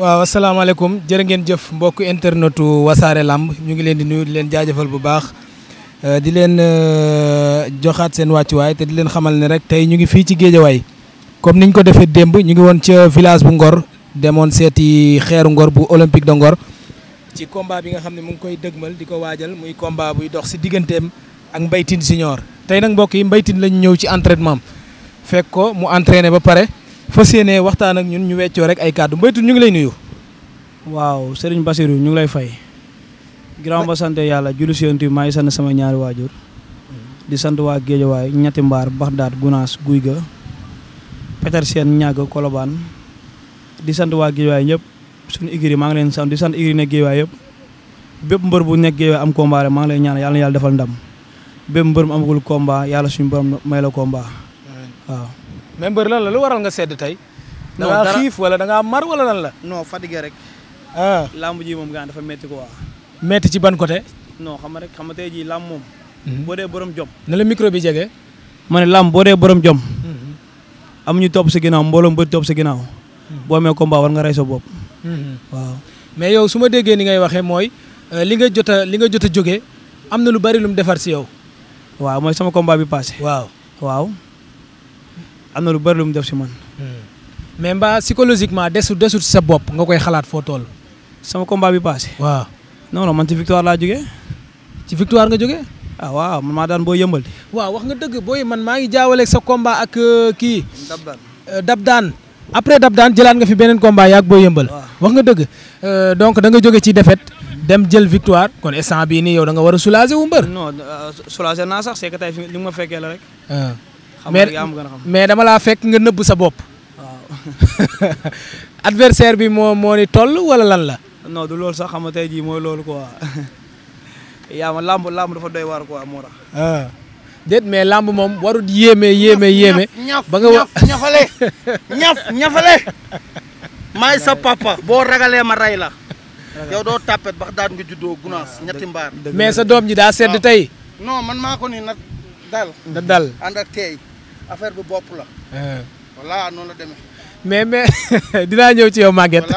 waaw asalaamaaleykum jërë ngeen jëf mbokk internetu wasaare làmb ñu ngi leen di nuyu di leen jaajëfal bu baax euh, di leen euh, joxaat seen wàccuwaay te di leen xamal ne rek tey ñu ngi fii ci géejawaay comme niñ ko defee démb ñu ngi woon ca village bu Ngor demoon seeti xeeru Ngor bu olympique da Ngor ci combat bi nga xam ne mu ngi koy dëgmal di ko waajal muy combat buy dox si digganteem ak Mbaye Tine tey nag mbokk yi Mbaye Tine lañu ñëw ci entraînement fekk ko mu entraîné ba pare fas yéene waxtaan ak ñun ñu weccoo rek ay kàddu mbaytu ñu ngi lay nuyu. waaw Serigne Bassirou ñu ngi lay fay. ginnaaw ba sant yàlla julli si yonent maa ngi sant sama ñaari waajur. di sant waa Géejawaay ñetti mbaar Baxdaad Gunaas Guy ga Petersen ñàgg Kolobaan di sant waa Géejawaay ñëpp suñu igri maa ngi leen sant di sant igri nekk Géejawaay yëpp bépp mbër bu nekk Géejawaay am combat maa ngi lay ñaan yàlla na yàlla defal ndam bépp mbër mu amagul combat yàlla suñu borom may la combat waaw mais mbër lan la lu waral nga sedd tey. da ngaa xiif wala da ngaa mar wala lan la. non fatigué rek. ah làmb ji moom gaan dafa métti quoi. métti ci ban côté. non xam rek xam nga tey jii làmb moom. Mhm. boo dee borom jom. na la micro bi jege. ma ne làmb boo dee borom jom. Mhm. ñu topp si ginnaaw mbooloo mbër topp si ginnaaw. Mhm. boo amee combat war nga rey sa bopp. mais yow su ma déggee ni ngay waxee mooy euh, li nga jot a li nga jot a jógee am na lu bari lu mu defar si yow. waaw mooy sama combat bi passé. waaw. am na lu bari lu mu def si man. Hmm. mais mbaa psychologiquement desu desut sa bopp nga koy xalaat foo toll. sama combat bi passé. waaw non man ci victoire laa jógee. ci victoire nga jógee. ah waaw boo yëmbal. waaw wax nga dëgg booy man maa ngi jaawaleeg sa combat ak euh, kii. Euh, dab daan après dab daan jëlaat nga fi beneen combat yaag boo yëmbal. wax nga dëgg euh, donc da nga jóge ci defet dem jël victoire kon instant bi nii yow da nga war a soulager wu mbër. non soulager naa sax c'est que tey fi ma fekkee la rek. Ah. xam am gën a xam mais dama laa fekk nga nëbb sa bopp. waaw. adversaire bi moo moo ni toll wala lan la. non du loolu sax xam nga tey jii mooy loolu quoi yaa ma làmb làmb dafa doy waar quoi moo tax. Ah. déet mais làmb moom warut yéeme yéeme yéeme. ba nga ñaf ñafale ñaf ñafale. maay sa papa boo ragalee ma rey la. yow doo tàppet bax daan nga juddoo gunaas ah, ñetti mbaar. mais sa doom ji daa sedd ah. tey. no man maa ko ni nag dal. ak tey. affaire bi bopp la. Eh. voilà noonu la demee. mais mais dinaa ñëw ci yow Maguette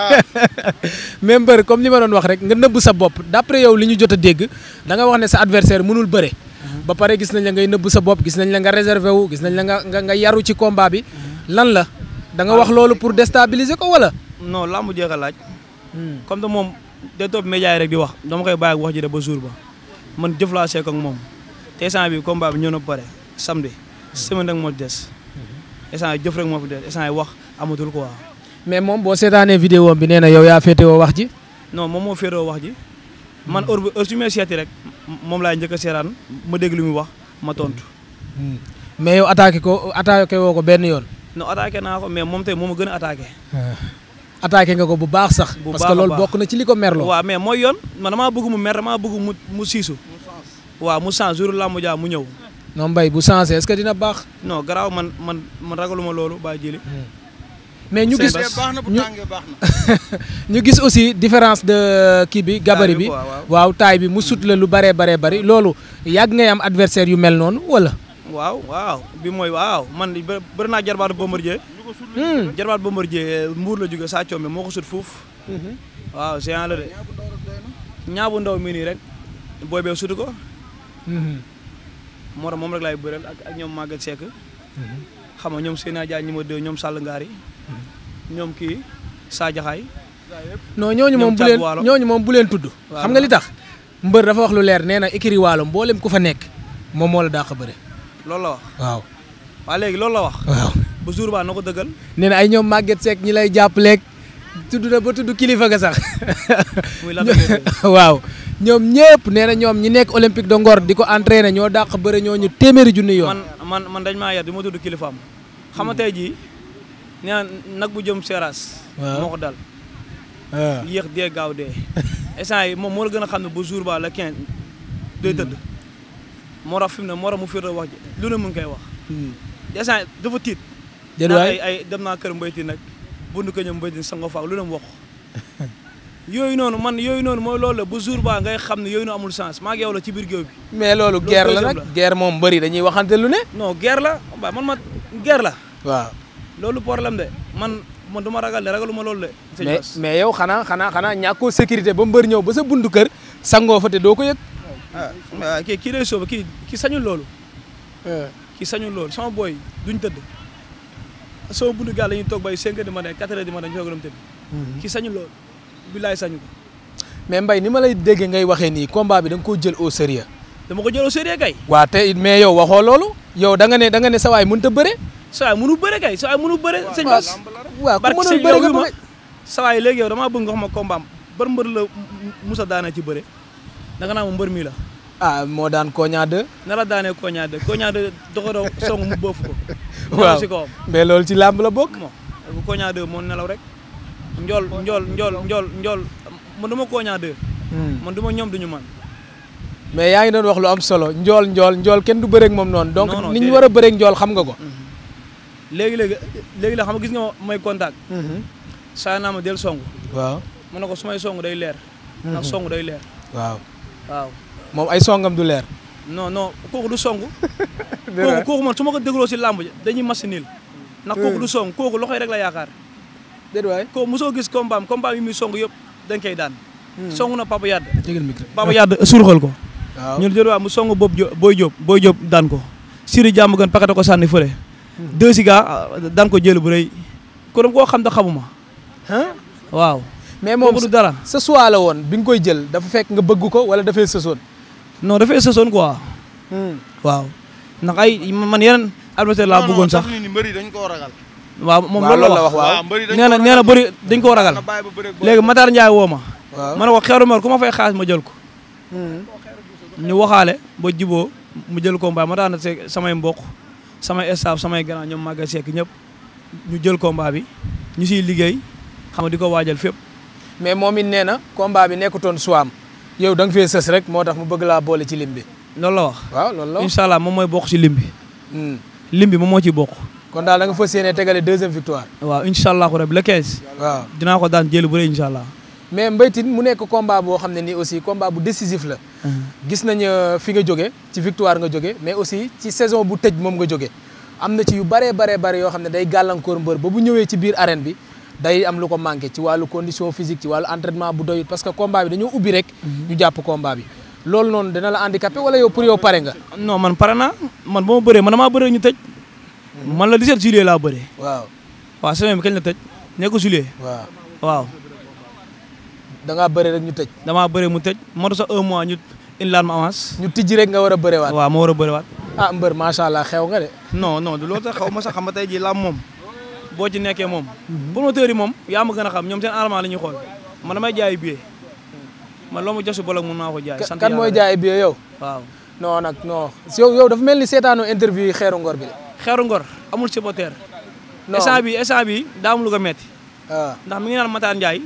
mais mbër comme li ma doon wax rek nga nëbb sa bopp d'après yow li ñu jot a dégg danga nga wax ne sa adversaire mënul bëre. Mhm. ba pare gis nañ la ngay nëbb sa bopp gis nañ la nga réservé wu gis nañ la nga nga yaru ci combat bi. Mhm. lan la danga wax loolu pour déstabiliser ko wala. no laa mu jeex a laaj. Hmm. comme te moom day topp média rek di wax dama koy bàyyi ak wax ji de ba jour ba man jëflaa seek ak moom te instant bi combat bi ñëw na pare samedi. semaine rek moo ci des. instant jëf rek moo fi des instant wax amatul quoi. mais moom boo seetaanee vidéo bi nee na yow yaa féetewoo wax ji. non moom moo féetewoo wax ji. man heure bu heure su may seeti rek moom laay njëkk a seeraan ma dégg lu muy wax ma tontu. Hmm. mais yow attaqué ko attaqué woo ko benn yoon. non attaqué naa ko mais moom tey moo ma gën a attaqué. Ah. attaqué nga ko bu baax sax. bu baax parce que loolu bokk na ci li ko merloo. waaw mais mooy yoon man damaa bëgg mu mer damaa bëgg mu mu siisu. waaw mu sans jour làmb ja mu ñëw. non mbay bu changé est dina baax. no garaaw man man man ragaluma loolu baa jëli. Hmm. mais ñu gis ñu gis aussi différence de euh, kii bi gabarit bi waaw taay bi mu sut la lu baree baree bari loolu yàgg ngay am adversaire yu mel noonu wala. waaw waaw bi mooy waaw man bëri naa jarbaatu Bombardier. Hmm. jarbaatu Bombardier euh, mbuur la jóge saa coombe moo ko sut fuuf. Hmm. waaw géant la de ñaabu ndaw mi nii rek booy bee sutu ko. moo moom rek laay bëreel ak ak ñoom Maguette Seck. Mm-hmm. xam nga ñoom Seyna Dia numéro 2 ñoom Sall Ngaari. Mm-hmm. ñoom kii Sa Jaxaay. non ñooñu moom bu leen ñooñu moom bu leen tudd. xam nga li tax mbër dafa wax lu leer nee na écurie Waalo mbooleem ku fa nekk moom moo la dàq bëre. loolu la wax waaw. waa léegi loolu la wax. waaw ba jour ba na ko dëggal. nee na ay ñoom Maguette Seck ñi lay jàpp jàppaleeg. tudd na ba tudd kilifa ga sax waaw ñoom ñëpp nee na ñoom ñi nekk olympique de Ngor di ko entraîné ñoo dàq bëre ñoo ñu téeméeri junni yoon. man man man dañ maa yar di ma tudd kilifaam xam nga tey jii nee nag bu jëm seeraas. moo ko dal. Ah. yéex dee gaaw dee. instant yi moom moo la gën a xam ne bu jour ba la 15 day tëdd. moo tax fi mu ne moo tax mu fiir wax ji lu ne mu ngi koy wax. Hmm. instant dafa tiit. jël ay dem naa kër mbay tiit nag. bund ko ñoom mbëj sango faak lu ne mu wax yooyu noonu man yooyu noonu mooy loolu la ba jour ba ngay xam ne yooyu noonu amul sens maa ngi la ci biir géew bi mais loolu ger la nag guerre moom bëri dañuy waxante lu ne non guerre la man ma guerre la waaw loolu problème de man man du ma ragal de ragalu ma loolu de mais mais yow xanaa xanaa xanaa ñàkkoo sécurité ba mbër ñëw ba sa bundu kër sangoo fa te doo ko yëg ah, ah kii kii day sooba kii kii sañul loolu eh. kii sañul loolu sama booy duñ tëdd sama buntu gaal la ñuy toog bay 5 heures du matin 4 heures du matin ñu soog a dem tëdd. Mhm. ki sañu loolu billaay sañu ko. mais Mbaye ni ma lay déggee ngay waxee nii combat bi da nga koo jël au sérieux dama ko jël au sérieux kay. waaw te mais yow waxoo loolu yow da nga ne da nga ne sa waay mënut a bëre. sa waay mënul bëre kay sa waay mënul bëre. sëñ Bas waaw ku mënul bëre nga bëre sa waay léegi yow damaa bëgg nga xam ma combat am bar mbër la Moussa daana ci bëre da nga naa ma mbër mi la. ah moo daan Koña 2. na la daanee Koña 2 Koña 2 doxadoo song mu boofu ko waaw si mais loolu ci làmb la bokk. bu Kogna 2 moo nelaw rek. njool njool njool njool njool man du ma Kogna 2. Hmm. man du ma ñoom duñu man mais yaa ngi doon wax lu am solo njool njool njool kenn du bëreeg moom noonu. donc ni ñu war a bëreeg njool xam nga ko. Hmm. léegi léegi léegi la xam gis nga may contact. Hmm. saa naa ma del song. waaw mu na ko su song day leer. ndax song day leer. waaw waaw. moom ay songam du leer. non non kooku du song. kooku kooku man su ma ko dégloo si làmb dañuy machine ndax kooku du hmm. song kooku loxoy rek la yaakaar. ko waay kooku gis kombaam kombaam yi muy song yëpp dañ koy daan. Hmm. song na Papa Yade. jégal micro Papa Yade ko. waaw ñun déedéet mu song boobu jo Boy Diop Boy Diop ko. Siri jàmm gën pakate ko sànni fële. Hmm. deux siga euh, daan ko jël bu rëy. kon koo xam da xamuma. waaw. mais moom du dara sa choix la woon bi nga koy jël dafa fekk nga bëgg ko wala dafay sësoon. non dafa saison quoi. Hmm. waaw ndax ay man yeneen adversaire laa bëggoon sax. non dañ koo ragal. waaw moom loolu la wax waaw nee na nee na bëri dañ koo ragal. léegi Matar Ndiaye woo ma. waaw ma ne ko xeeru mar ko ma fay xaas ma jël ko. Hmm. ñu waxaale ba jiboo mu jël combat ma daan se samay mbokk samay staff samay grand ñoom Maga Seck ñëpp ñu jël combat bi ñu siy liggéey xam nga di ko waajal fépp. mais moom it nee na combat bi nekkutoon suwaam. yow da nga fee sës rek moo tax mu bëgg laa boole ci lim bi. loolu la wax waaw loolu la moom mooy bokk ci lim bi. Hmm. lim bi moom moo ciy bokk. kon daal da nga fas yéene tegale deuxième victoire. waaw incha allah rabi le 15. waaw dinaa ko daan jël bu rëy incha mais Mbaye Tine mu nekk combat boo xam ne nii aussi combat bu décisif la. Uh-huh. gis nañ euh, fi nga jóge ci victoire nga jóge mais aussi ci saison bu tëj moom nga jóge am na ci yu bare baree bare yoo xam ne day gàllankoor mbër ba bu ñëwee ci biir arène bi. day am lu ko manqué ci wàllu condition physique ci wàllu entraînement bu doyut parce que combat bi dañoo ubbi rek. ñu jàpp combat bi. loolu noonu dana la handicapé wala yow pour yow pare nga. non man pare naa man ba ma bëree man ñu tëj. man la 17 laa bëree. waaw waaw semaine kañ la tëj nekk juillet. waaw waaw. da ngaa bëree rek ñu tëj. damaa bëree mu tëj matu sax un mois ñu indi laan ma avance. ñu tijji rek nga war a bëreewaat. waaw ma war a bëreewaat. ah mbër macha allah xew nga de. non non du loolu sax xaw ma sax xam nga tey jii làmb moom. boo ci nekkee moom promoteurs yi moom yaa ma gën a xam ñoom seen arrangement la ñuy xool man a may jaay billet man loo ma josu bolog mu naa ko jaay sant kan mooy jaay billet yow waaw non nag non yow yow dafa mel ni seetaanu interview yi bi xeeru ngor amul supporter instant bi instant bi daa metti waaw ah. ndax mi ngi naan Matar Ndiaye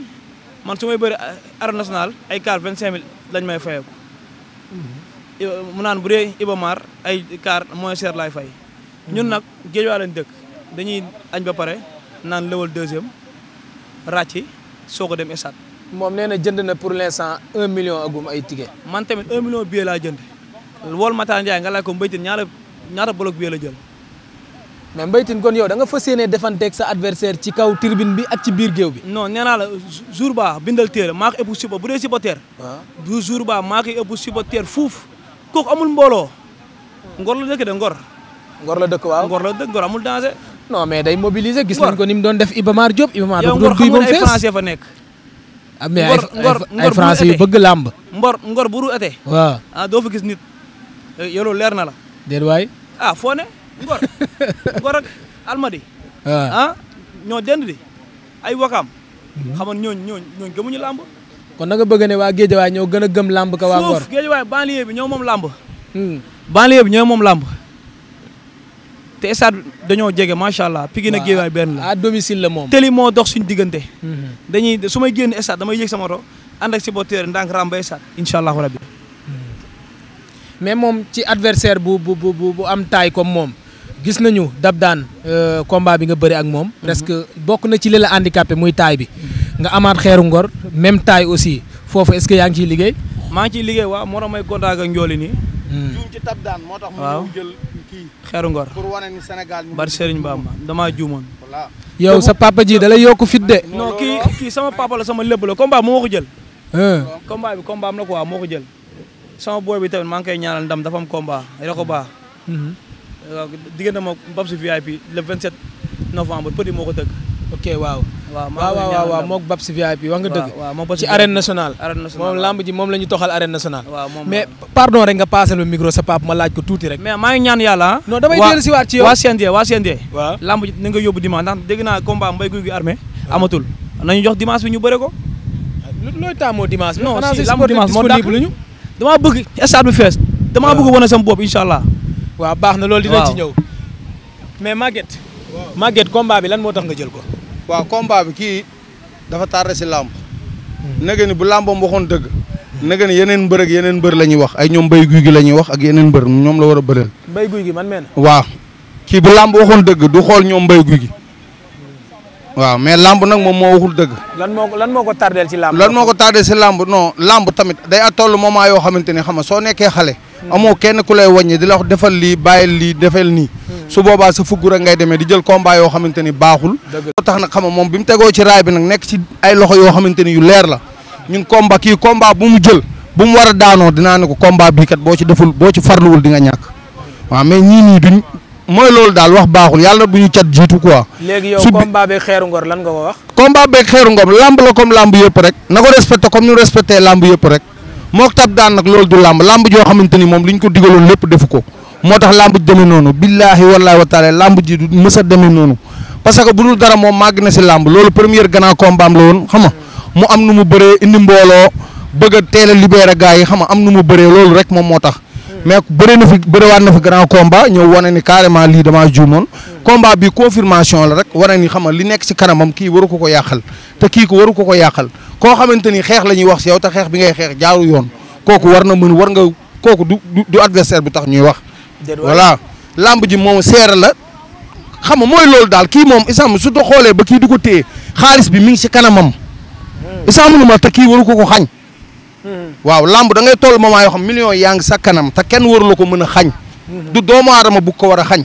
man su may bëri arène ay car vingt cinq mille lañ may fayeeku mhm. mu naan bu dee Ibamar ay car moins cher laay fay ñun mhm. nag géej waa lañ dëkk dañuy añ ba pare naan lëwal deuxième ràcci soog a dem stade. moom nee na jënd na pour l'instant un million agum ay ticket. man tamit un million billet laa jënd wol Matar Ndiaye nga laaj ko mbaytin ñaata ñaata bloc la jël. mais mbaytin kon yow da nga fas yéenee defanteeg sa adversaire ci kaw tribune bi ak ci biir géew bi. non nee naa la jour ba bindal téere maa ko ëpp suba bu dee supporter. waaw ah. jour ba maa ebu ëpp supporter fuuf kooku amul mbooloo. Ngor la dëkk de Ngor. Ngor la dëkk waaw Ngor la dëkk non mais day mobiliser gis nañ ko ni mu doon def Iba Mar Diop. Iba Mar Diop doon duy ba mu fees yow Ngor xam nga ne ay français fa nekk. ah mais ay français yu bëgg làmb. Ngor Ngor bu ru ete. waaw ah doo fa gis nit. Eh, yow loolu leer na la. déedéet waay. ah foo ne Ngor Ngor ak Almadi. ah ñoo dend di ay wakaam. Mhm. xam nga ñooñu ñooñu ñooñu gëmuñu làmb. kon na nga bëgg ne waa Géejawaay ñoo gën a gëm làmb ka waa Ngor. suuf Géejawaay banlieue bi ñoo moom làmb. Hmm. banlieue bi ñoo moom làmb. te stade dañoo jege macha allah. Pikine ak Guédiawaye benn la à domicile la moom. tëli moo dox suñu diggante. Mhm. dañuy su may génn stade damay yéeg sama oto ànd ak supporter ndànk ràmba stade incha allahu rabbi. Mhm. mais moom ci adversaire bu bu bu bu am taay comme moom gis nañu dab daan euh, combat bi nga bëri ak moom. Mhm. presque bokk na ci li la muy taay bi. nga amaat xeeru ngor même taay aussi foofu est-ce que yaa ngi ciy liggéey. maa ngi ciy liggéey waaw moo tax may contact xeeru ngor bari baam Bamba damaa juumoon. yow sa papa ji da yokk fit de. non kii kii sama papa la sama lépp la combat moo ko jël. combat bi combat am la quoi moo ko jël. sama boy bi tamit maa ngi koy ñaanal ndam dafa am combat rek baax. Mhm. diggante ma Babsi VIP le 27 novembre petit moo ko tëgg. ok waaw. waaw waaw waaw moog Babs VIP wax nga dëgg. ci arène nationale. arène nationale moom lamb ji moom la ñu toxal arène nationale. mais pardon rek nga paasal ma micro sa pap ma laaj ko tuuti rek. mais maa ngi ñaan yàlla ah. non damay dellu si waat ci yow waa CNG waa CNG. lamb ji na nga yóbbu dimanche dégg naa combat mbay guy gi armé. amatul nañu jox dimanche bi ñu bëre ko. looy taamoo dimanche bi. non si lamb dimanche moo dàq ñu. damaa bëgg stade bi damaa bëgg wane sama bopp incha allah. waaw baax na loolu dinañ ci ñëw. mais Maguette. Maguette combat bi lan moo tax nga jël ko waaw combat bi kii dafa tardé si làmb hmm. nega ni bu làmbam waxoon dëgg nega yeneen mbër ak yeneen mbër la ñuy wax ay ñoom mbay guy gi la ñuy wax ak yeneen mbër ñoom la war a bëreel mbay guy gi man meen waaw kii bu làmb waxoon dëgg du xool ñoom béy guy gi waa mais làmb nag moom moo waxul dëgg lan moo ko lan moo ko tardeel ci làmb lan moo ko tardeel si làmb non làmb tamit day at toll moment yoo xamante ni xam nga soo nekkee xale hmm. amoo kenn ku lay wàññi di la wax defal lii bàyyil lii defal nii su boobaa sa fukk rek ngay demee di jël combat yoo xamante ni baaxul. dëgg tax nag xam nga moom bi mu tegoo ci raay bi nag nekk ci ay loxo yoo xamante ni yu leer la ñun komba kii komba bu mu jël bu mu war daanoo dinaa ne ko combat bii kat boo ci deful boo ci farluwul di nga ñàkk waaw mooy loolu daal wax baaxul yàlla bu ñu cat jiitu quoi. léegi yow combat beeg xeeru ngor lan nga ko wax. combat beeg xeeru ngor lamb la comme yëpp rek. na ko respecté comme ñu respecté lamb yëpp rek mook tab daan nag loolu du lamb lamb joo xamante ni moom li ñu ko digaloon lépp defu ko moo tax làmb ji demee noonu billaahi wallaahi wa taala làmb ji du mës a demee noonu parce que bu dul dara moom màgg na si làmb loolu première grand combat am la woon xam nga mu am nu mu bëree indi mbooloo bëgg a teel a libéré yi xam nga am nu mu bëree loolu rek moom moo tax. mais bëri na fi bëriwaat na fi grand combat ñëw wane ni carrément lii damaa juumoon. combat bi confirmation la rek wane ni xam nga li nekk si kanamam kii waru ko ko yàqal te kii ko waru ko ko yàqal koo xamante ni xeex la ñuy wax si yow te xeex bi ngay xeex jaaru yoon kooku war na mën war nga kooku du du adversaire bu tax ñuy wax. voilà làmb ji moom seere la xam nga mooy loolu daal kii moom isam su ko xoolee ba kii du ko téye xaalis bi mi ngi si kanamam hmm. isam lu ma te kii waru ko ko xañ hmm. waaw làmb da ngay toll moment yoo xam millions yaa ngi sa kanam te kenn waru la ko mën a xañ hmm. du doomu aadama bugg ko war a xañ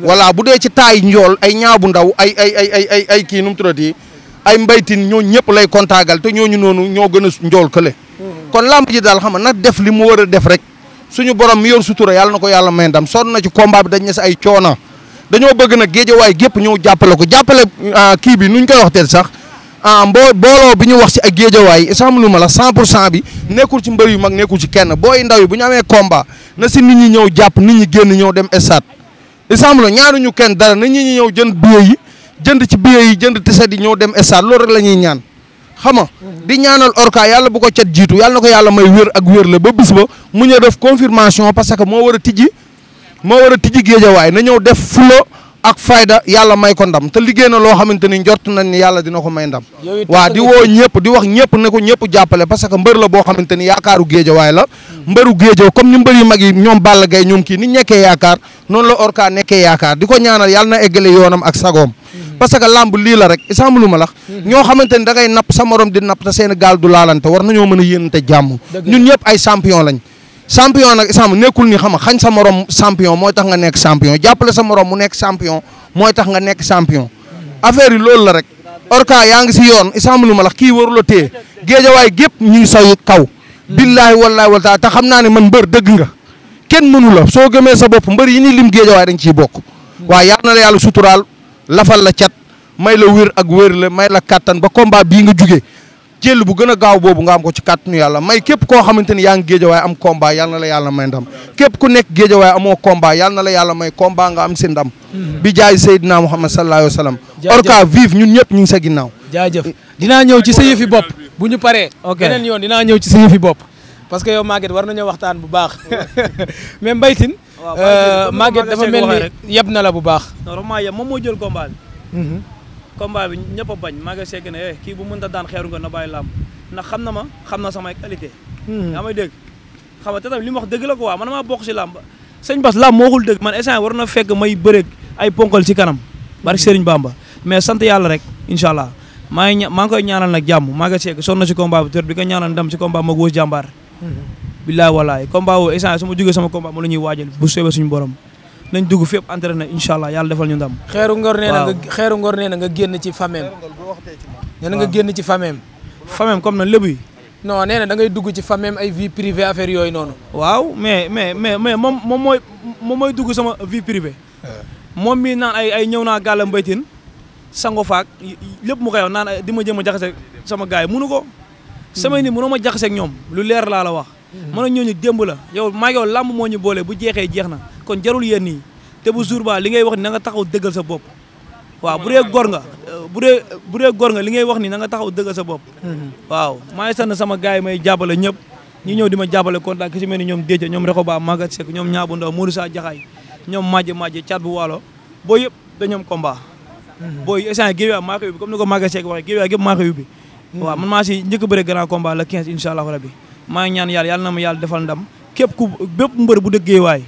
voilà bu dee ci taay njool ay ñaabu ndaw ay ay ay ay ay ay kii nu mu ay mbaytin ñoo ñëpp lay kontaagal te ñooñu noonu ñoo gën a njool kële kon làmb ji daal xam nga na def li mu war a def rek suñu borom mi yor sutura yàlla na ko yàlla may ndam sonn na ci combat bi dañ sa ay coono dañoo bëgg na géejawaay gépp ñëw jàppale ko jàppale euh, kii bi nuñ koy wax teel sax ah, mboo booloo bi ñu wax ci ak géejawaay isam lu ma la cent pour cent bi nekkul ci mbër yu mag nekkul ci kenn booy ndaw yi bu ñu amee komba na si nit ñi ñëw jàpp nit ñi génn ñëw dem stade isam la ñu kenn dara na ñu ñu ñëw jënd billet yi jënd ci billet yi jënd tiset yi ñëw dem stade rek la ñuy ñaan xam nga di ñaanal orka yàlla bu ko cat jiitu yàlla na ko yàlla may wér ak wér la ba bis ba mu ñëw def confirmation parce que moo war a tijji moo war a tijji géejawaay na ñëw def fulo ak fayda yàlla may ko ndam te liggéey na loo xamante ni njort nañ ni yàlla dina ko may ndam waa di woo ñëpp di wax ñëpp ne ko ñëpp jàppale parce que mbër la boo xamante ni yaakaaru géejawaay la hmm. mbëru géejaw comme ñu mbër mag yi ñoom Balla Gaye ñoom kii ni nekkee yaakaar noonu la orka nekkee yaakaar di ko ñaanal yàlla na eggale yoonam ak sagoom hmm. parce que lii la rek isam lu ma la hmm. ñoo xamante ni da ngay napp sa morom di napp te seen gaal du laalante war nañoo mën a yéenante jàmm ñun ñëpp ay champion lañ champion nag isam nekkul ni xam xañ sa morom champion mooy tax nga nekk champion jàppale sa morom mu nekk champion mooy tax nga nekk champion affaire yi loolu la rek orka yaa ngi si yoon isam lu ma la kii warula téye géejawaay gépp ñuy sayu kaw billaahi wallaahi wal taala te xam naa ne man mbër dëgg nga kenn mënu la soo gëmee sa bopp mbër yi ni lim géejawaay dañ ciy bokk waaye yal na la yàlla suturaal lafal la cat may la wér ak wér la may la kàttan ba combat bii nga jugee jël bu gën a gaaw boobu nga am ko ci kàttanu yàlla may képp koo xamante ni yaa ngi géejawaay am combat yàlla na la yàlla may ndam képp ku nekk géejawaay amoo combat yàlla na la yàlla may combat nga am si ndam mhm. bi jaay Seydina Muhammad sallallahu alayhi wa sallam orca vive ñun ñëpp ñu sa ginnaaw jaajëf dinaa ñëw ci sa yëfi bopp bu ñu paree beneen yoon dinaa ñëw ci sa yëfi bopp parce que yow Maguette war nañoo waxtaan bu baax mais Mbaye Tine Maguette euh, dafa mel ni yeb na la bu baax moom moo jël combat bi mhm. combat bi ñëpp a bañ maa ngi segg ne eh kii bu mënta daan xeeru nga na bàyyi làmb ndax xam na ma xam na samay qualité hmm. yaa may dégg xam nga te li mu wax la ko waa man maa bokk si làmb sëñ Bas làmb moo xul dëgg war na fekk may bëreeg ay ponkal si kanam bari hmm. Serigne Bamba mais sant yàlla rek incha allah maa ngi maa ngi koy ñaanal nag jàmm maa ngi segg sonn si combat bi tër di ko ñaanal ndam si combat mag wóos jàmbaar hmm. bilaay walaay combat woo la ñuy waajal bu borom nañ dugg fépp entraîné incha allah yàlla defal ñu ndam. xeeru ngor nee na nga xeeru ngor nee na nga génn ci fameem. nee na nga génn ci fameem. fameem comme na lébu yi. non nee na da ngay dugg ci fameem ay vie privée affaire yooyu noonu. waaw mais mais mais mais moom moom mooy moom mooy dugg sama vie privée. moom mii naan ay ay ñëw naa gàlla mbaytin sango faak lépp mu koy wax naan di ma jëm a jaxase sama gars yi mënu ko. samay ni mënoo ma jaxaseeg ñoom lu leer laa la wax. mën a ñooñu démb la yow maa yow moo ñu boole bu jeexee jeex na kon jarul yéen nii te bu jour ba li ngay wax ni na nga taxaw dëggal sa bopp waaw bu dee góor nga bu dee dee góor nga li ngay wax ni na nga taxaw dëggal sa bopp waaw maa ngi sant sama gars yi may jàppale ñëpp ñi ñëw di ma jàppale contact ki si mel ni ñoom Déja ñoom Rekoba Magat Seck ñoom ñaabu ndaw Modou Sa ñoom Madje Madje cat bu waalo boo yëpp dañoom combat booy essane géew yaa maa ko yóbbi comme ni ko Magat Seck waxee géew yaa gépp maa grand combat le 15 incha rabbi maa ngi ñaan yàlla yàlla na ma yàlla defal ndam képp ku bépp mbër bu dëggee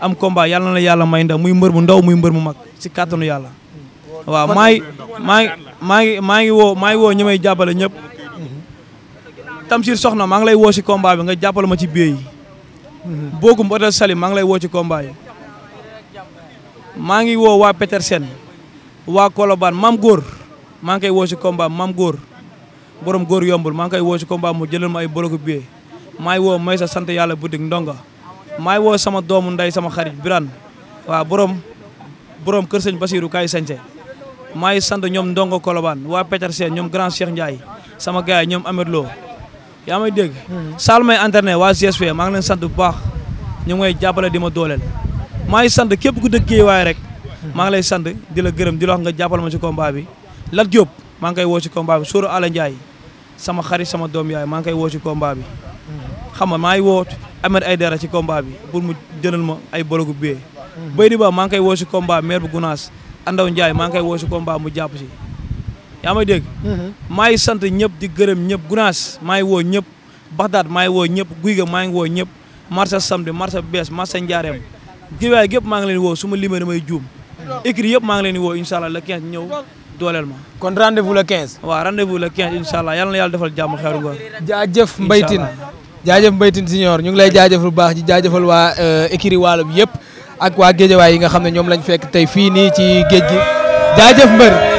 am combat yàlla na yàlla may ndam muy mbër mu ndaw muy mbër mu mag si kàttanu yàlla waaw maa ngi maa ngi woo maa ngi woo ñi may jàppale ñëpp Tamsir soxna maa ngi lay woo si combat bi nga jàppale ma ci biir yi bookum hôtel Salim maa ngi lay woo ci combat maa ngi woo waa Petersen waa Kolobaan mam góor maa ngi koy woo si combat mam góor borom góor yombul maa ngi koy woo si combat mu jëlal ma ay boloku biir maay woo may sa sant yàlla butik ndonga maay woo sama doomu ndey sama xarit Birane waa borom borom kër ba Basiirou kaay sañce maay sant ñoom ndongo Kolobaan waa Peter ñoom grand Cheikh Ndiaye sama gars yi ñoom Amed loo yaa may dégg hmm. saal may internet waa GSP maa ngi leen sant bu baax ñu ngi may jàppale di ma dooleel maay sant képp ku dëkk Guédiawaye rek maa ngi lay sant di la gërëm di la wax nga jàppale ma ci combat bi Lat Diop maa ngi koy woo si combat bi Ala Ndiaye sama xarit sama doom yaay maa ngi koy woo ci combat bi xam nga maa ngi woo Ahmed Aïdara ci combat bi pour mu jëlal ma ay bologu biyee bay di ba maa ngi koy woo si combat maire bu Gunaas Andaw Ndiaye maa ngi koy woo si combat mu jàpp si yaa may dégg mhm. maa ngi sant ñëpp di gërëm ñëpp Gunaas maa ngi woo ñëpp Baxdaad maa ngi woo ñëpp guy ga maa ngi woo ñëpp marché samedi marché bees marché njaareem giwaay gépp maa ngi leen woo su ma limee damay juum écrit yëpp maa ngi leen woo incha allah le 15 ñëw dooleel ma kon rendez-vous le 15 waaw rendez-vous le 15 incha yàlla na yàlla defal jàmm xeeru ngoor jaajëf Mbaye Tine jaajëf Mbaye Tine Junior ñu ngi lay jaajëf baax di jaajëfal waa euh, écurie Waalo bi yëpp ak waa Géejawaay yi nga xam ne ñoom lañ fekk tey fii nii ci géej gi jaajëf mbër